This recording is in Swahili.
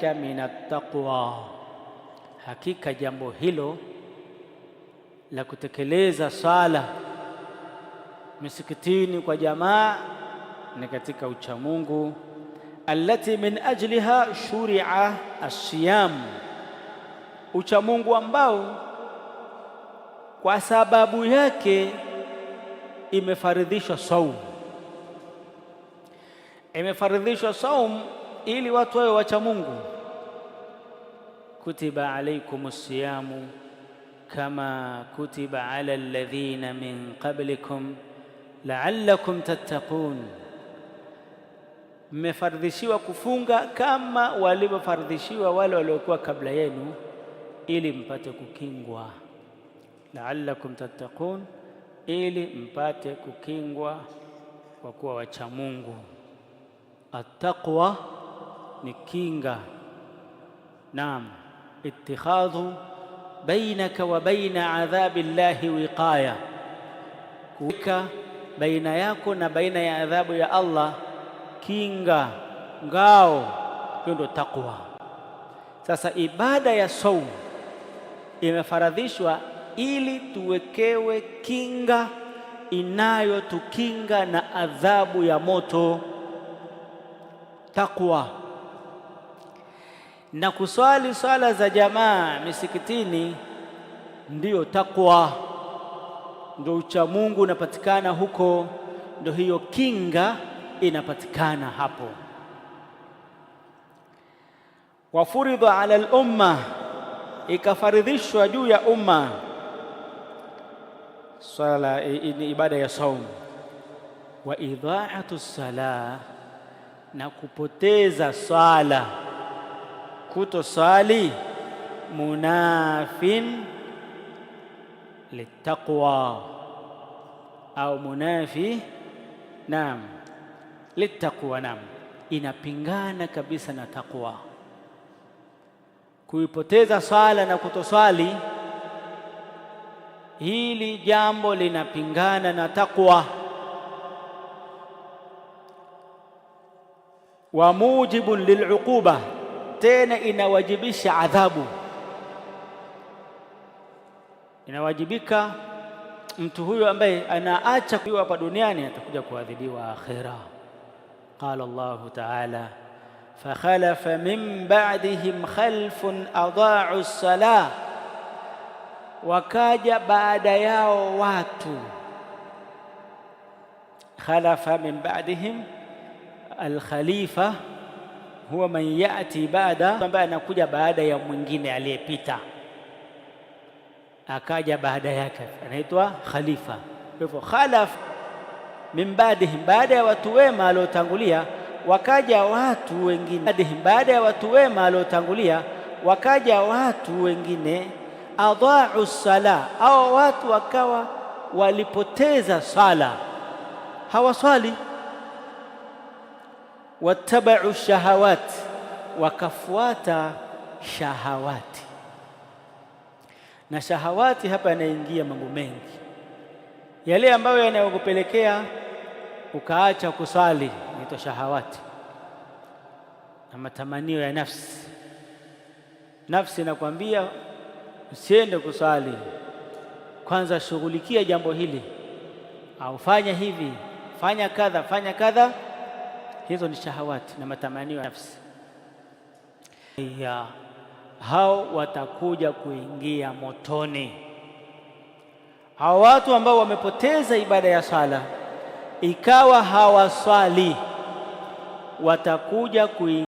dhalika min attaqwa, hakika jambo hilo la kutekeleza sala misikitini kwa jamaa ni katika uchamungu. Allati min ajliha shuria alsiyamu, uchamungu ambao kwa sababu yake imefaridhishwa saumu, imefaridhishwa saumu ili watu wawe wacha Mungu. Kutiba alaikum siyamu kama kutiba ala alladhina min qablikum la'allakum tattaqun, mmefardhishiwa kufunga kama walivyofardhishiwa wale waliokuwa kabla yenu ili mpate kukingwa. La'allakum tattaqun, ili mpate kukingwa kwa kuwa wacha Mungu. Attaqwa ni kinga. Naam, ittikhadhu bainaka wa baina adhabi llahi wiqaya, kuweka baina yako na baina ya adhabu ya Allah kinga, ngao. Hiyo ndio takwa. Sasa ibada ya saumu imefaradhishwa ili tuwekewe kinga inayotukinga na adhabu ya moto, takwa na kuswali swala za jamaa misikitini ndiyo takwa, ndio ucha Mungu unapatikana huko, ndio hiyo kinga inapatikana hapo. Wafuridha ala al-umma, ikafaridhishwa juu ya umma swala ni ibada ya saumu. Wa idhaatu salah, na kupoteza swala kutosali munafin litaqwa au munafi, naam, litaqwa, naam, inapingana kabisa na taqwa. Kuipoteza swala na kutoswali, hili jambo linapingana na taqwa. wa mujibun liluquba tena inawajibisha adhabu, inawajibika mtu huyu ambaye anaacha kuwa hapa duniani atakuja kuadhibiwa akhira. Qala Allahu taala fakhalafa min ba'dihim khalfun adau lsala wakaja baada yao watu. Khalafa min ba'dihim al huwa man yati baada, ambaye anakuja baada ya mwingine aliyepita akaja baada yake, anaitwa khalifa. Kwa hivyo khalaf min baadihim, baada ya watu wema waliotangulia wakaja watu wengine. Baada ya watu wema waliotangulia wakaja watu wengine, adhau sala, au watu wakawa walipoteza sala, hawaswali watabau shahawati, wakafuata shahawati. Na shahawati hapa yanaingia mambo mengi, yale ambayo yanayokupelekea ukaacha kuswali inaitwa shahawati, na matamanio ya nafsi. Nafsi inakwambia usiende kuswali, kwanza shughulikia jambo hili, au fanya hivi, fanya kadha, fanya kadha hizo ni shahawati na matamanio ya nafsi ya hao watakuja kuingia motoni. Hao watu ambao wamepoteza ibada ya sala ikawa hawaswali watakuja kuingia